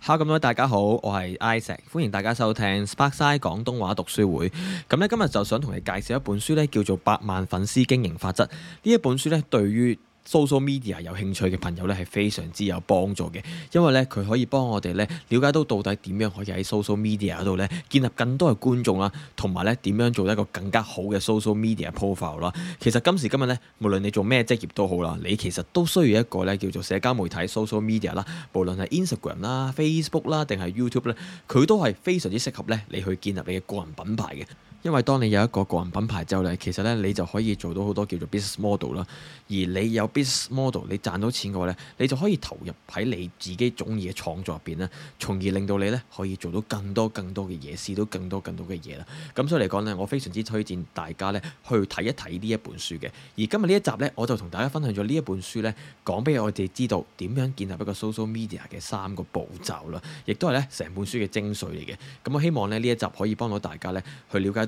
哈咁多位大家好，我係 Isaac 歡迎大家收聽 Sparkside 廣東話讀書會。咁咧今日就想同你介紹一本書咧，叫做《百萬粉絲經營法則》。呢一本書咧，對於 social media 有興趣嘅朋友咧係非常之有幫助嘅，因為咧佢可以幫我哋咧瞭解到到底點樣可以喺 social media 度咧建立更多嘅觀眾啦，同埋咧點樣做一個更加好嘅 social media profile 啦。其實今時今日咧，無論你做咩職業都好啦，你其實都需要一個咧叫做社交媒體 social media 啦，無論係 Instagram 啦、Facebook 啦定係 YouTube 咧，佢都係非常之適合咧你去建立你嘅個人品牌嘅。因為當你有一個個人品牌之後咧，其實咧你就可以做到好多叫做 business model 啦。而你有 business model，你賺到錢嘅話咧，你就可以投入喺你自己中意嘅創作入邊啦，從而令到你咧可以做到更多更多嘅嘢，試到更多更多嘅嘢啦。咁所以嚟講咧，我非常之推薦大家咧去睇一睇呢一本書嘅。而今日呢一集咧，我就同大家分享咗呢一本書咧，講俾我哋知道點樣建立一個 social media 嘅三個步驟啦，亦都係咧成本書嘅精髓嚟嘅。咁我希望咧呢一集可以幫到大家咧去了解。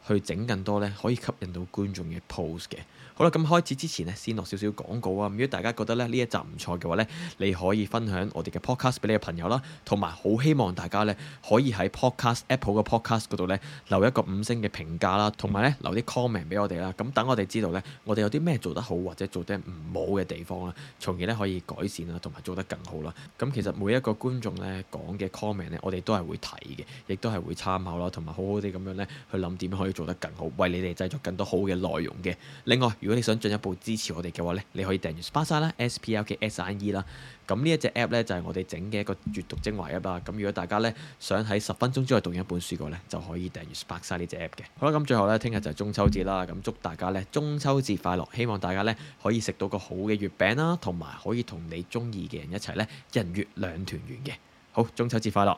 去整更多呢，可以吸引到觀眾嘅 pose 嘅。好啦，咁開始之前呢，先落少少廣告啊。如果大家覺得呢一集唔錯嘅話呢，你可以分享我哋嘅 podcast 俾你嘅朋友啦，同埋好希望大家呢，可以喺 podcast Apple 嘅 podcast 度呢，留一個五星嘅評價啦，同埋呢，留啲 comment 俾我哋啦。咁等我哋知道呢，我哋有啲咩做得好或者做得唔好嘅地方啦，從而呢，可以改善啦，同埋做得更好啦。咁其實每一個觀眾呢，講嘅 comment 呢，我哋都係會睇嘅，亦都係會參考啦，同埋好好哋咁樣呢，去諗點去。做得更好，為你哋製作更多好嘅內容嘅。另外，如果你想進一步支持我哋嘅話咧，你可以訂閱 Spark 啦，S P L K S R E 啦。咁呢一隻 app 呢，就係、是、我哋整嘅一個閱讀精華 app 啦。咁如果大家呢，想喺十分鐘之內讀完一本書嘅話呢，就可以訂閱 Spark 呢隻 app 嘅。好啦，咁最後呢，聽日就係中秋節啦。咁祝大家呢，中秋節快樂，希望大家呢，可以食到個好嘅月餅啦，同埋可以同你中意嘅人一齊呢，人月兩團圓嘅。好，中秋節快樂！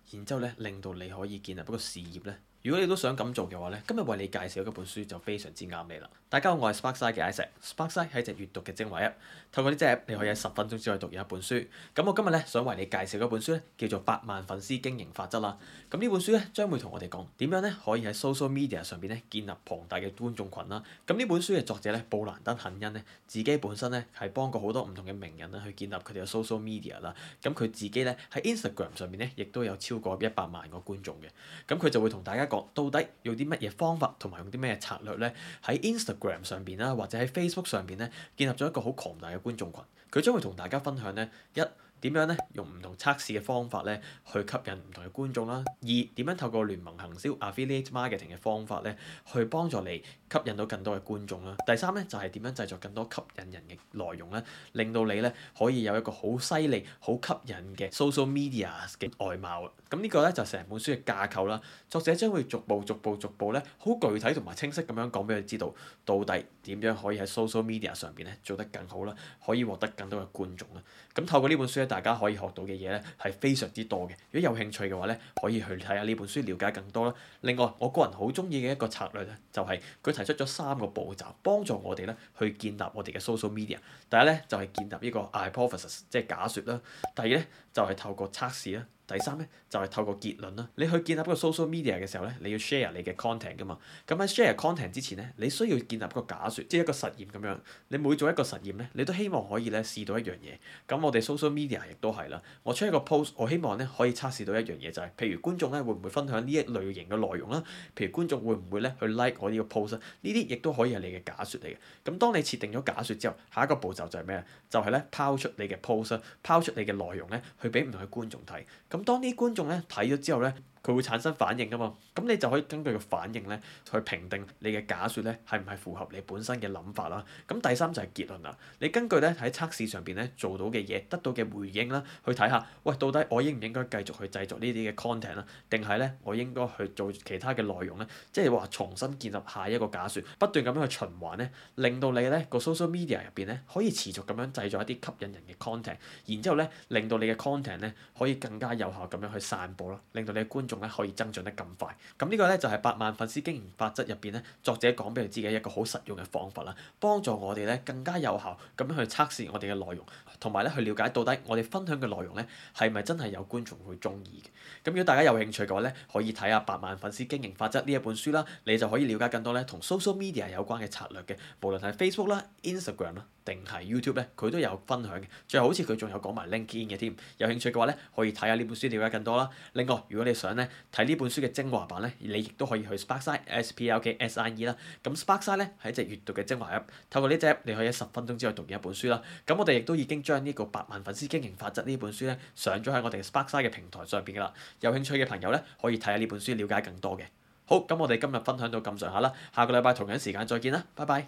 然之後咧，令到你可以建立一個事業咧。如果你都想咁做嘅話咧，今日為你介紹嗰本書就非常之啱你啦。大家好，我係 Sparkside 嘅 Ice。Sparkside 係一隻閱讀嘅精華 App。透過呢隻 App 你可以喺十分鐘之內讀完一本書。咁我今日咧想為你介紹嗰本書咧，叫做《百萬粉絲經營法則》啦。咁呢本書咧將會同我哋講點樣咧可以喺 Social Media 上邊咧建立龐大嘅觀眾群啦。咁呢本書嘅作者咧布蘭登肯恩咧自己本身咧係幫過好多唔同嘅名人啦去建立佢哋嘅 Social Media 啦。咁佢自己咧喺 Instagram 上邊咧亦都有超。超過一百萬個觀眾嘅，咁佢就會同大家講，到底用啲乜嘢方法同埋用啲咩策略咧，喺 Instagram 上邊啦，或者喺 Facebook 上邊咧，建立咗一個好龐大嘅觀眾群，佢將會同大家分享咧一。點樣咧用唔同測試嘅方法咧去吸引唔同嘅觀眾啦？二、點樣透過聯盟行銷 Affiliate Marketing 嘅方法咧去幫助你吸引到更多嘅觀眾啦？第三咧就係點樣製作更多吸引人嘅內容咧，令到你咧可以有一個好犀利、好吸引嘅 social media 嘅外貌。咁呢個咧就成本書嘅架構啦。作者將會逐步、逐步、逐步咧好具體同埋清晰咁樣講俾佢知道，到底點樣可以喺 social media 上邊咧做得更好啦，可以獲得更多嘅觀眾啦。咁透過呢本書咧大家可以學到嘅嘢咧係非常之多嘅，如果有興趣嘅話咧，可以去睇下呢本書，了解更多啦。另外，我個人好中意嘅一個策略咧，就係佢提出咗三個步驟，幫助我哋咧去建立我哋嘅 social media。第一咧就係建立呢個 hypothesis 即係假説啦。第二咧就係透過測試啦。第三咧就係透過結論啦。你去建立一個 social media 嘅時候咧，你要 share 你嘅 content 噶嘛。咁喺 share content 之前咧，你需要建立一個假説，即係一個實驗咁樣。你每做一個實驗咧，你都希望可以咧試到一樣嘢。咁我哋 social media 亦都係啦。我出一個 post，我希望咧可以測試到一樣嘢，就係譬如觀眾咧會唔會分享呢一類型嘅內容啦？譬如觀眾會唔會咧去 like 我呢個 post？呢啲亦都可以係你嘅假説嚟嘅。咁當你設定咗假説之後，下一個步驟就係咩？就係咧拋出你嘅 post，拋出你嘅內容咧去俾唔同嘅觀眾睇。咁當啲觀眾咧睇咗之後咧。佢會產生反應㗎嘛，咁你就可以根據個反應咧，去評定你嘅假説咧係唔係符合你本身嘅諗法啦。咁第三就係結論啦，你根據咧喺測試上邊咧做到嘅嘢，得到嘅回應啦，去睇下，喂，到底我應唔應該繼續去製作呢啲嘅 content 啦，定係咧我應該去做其他嘅內容咧，即係話重新建立下一個假説，不斷咁樣去循環咧，令到你咧個 social media 入邊咧可以持續咁樣製作一啲吸引人嘅 content，然之後咧令到你嘅 content 咧可以更加有效咁樣去散播咯，令到你嘅觀。仲咧可以增長得咁快，咁呢個咧就係《八萬粉絲經營法則》入邊咧，作者講俾你自己一個好實用嘅方法啦，幫助我哋咧更加有效咁樣去測試我哋嘅內容，同埋咧去了解到底我哋分享嘅內容咧係咪真係有觀眾會中意嘅。咁如果大家有興趣嘅話咧，可以睇下《八萬粉絲經營法則》呢一本書啦，你就可以了解更多咧同 social media 有關嘅策略嘅，無論係 Facebook 啦、Instagram 啦。定係 YouTube 咧，佢都有分享嘅，最後好有好似佢仲有講埋 LinkedIn 嘅添，有興趣嘅話咧，可以睇下呢本書了解更多啦。另外，如果你想咧睇呢本書嘅精華版咧，你亦都可以去 Sparkside S P L K S I E 啦。咁 Sparkside 咧係一隻閱讀嘅精華 App，透過呢隻你可以喺十分鐘之內讀完一本書啦。咁我哋亦都已經將呢、這個百萬粉絲經營法則呢本書咧上咗喺我哋 Sparkside 嘅平台上邊噶啦。有興趣嘅朋友咧可以睇下呢本書了解更多嘅。好，咁我哋今日分享到咁上下啦，下個禮拜同樣時間再見啦，拜拜。